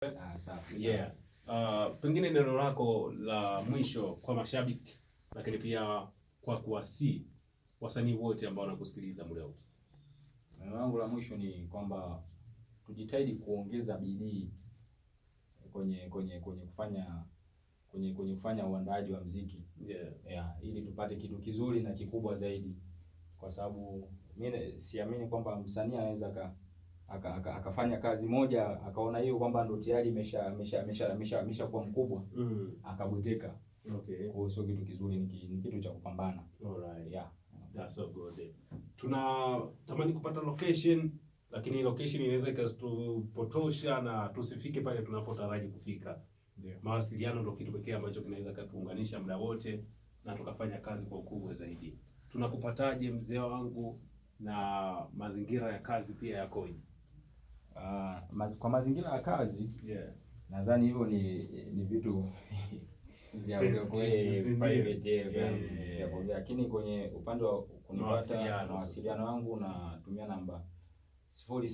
Ah, yeah. Uh, pengine neno lako la mwisho kwa mashabiki lakini pia kwa kuwasi wasanii wote ambao wanakusikiliza muda huu. Neno langu la mwisho ni kwamba tujitahidi kuongeza bidii kwenye kwenye kwenye kufanya kwenye kwenye kufanya uandaaji wa mziki. Yeah. Yeah, ili tupate kitu kizuri na kikubwa zaidi kwa sababu mimi siamini kwamba msanii anaweza ka akafanya aka, aka, kazi moja akaona hiyo kwamba ndo tayari imesha imesha imesha imesha kuwa mkubwa mm. akabwezeka Okay. Kwa hiyo sio kitu kizuri, ni kitu cha kupambana. Alright. Yeah. That's so good. Tunatamani kupata location lakini location inaweza ikatupotosha na tusifike pale tunapotaraji kufika. Yeah. Mawasiliano ndio kitu pekee ambacho kinaweza kutuunganisha muda wote na tukafanya kazi kwa ukubwa zaidi. Tunakupataje mzee wangu, na mazingira ya kazi pia yakoje? uh, maz, kwa mazingira ya kazi yeah. Nadhani hivyo ni ni vitu lakini kwenye upande wa mawasiliano wangu natumia namba sifuri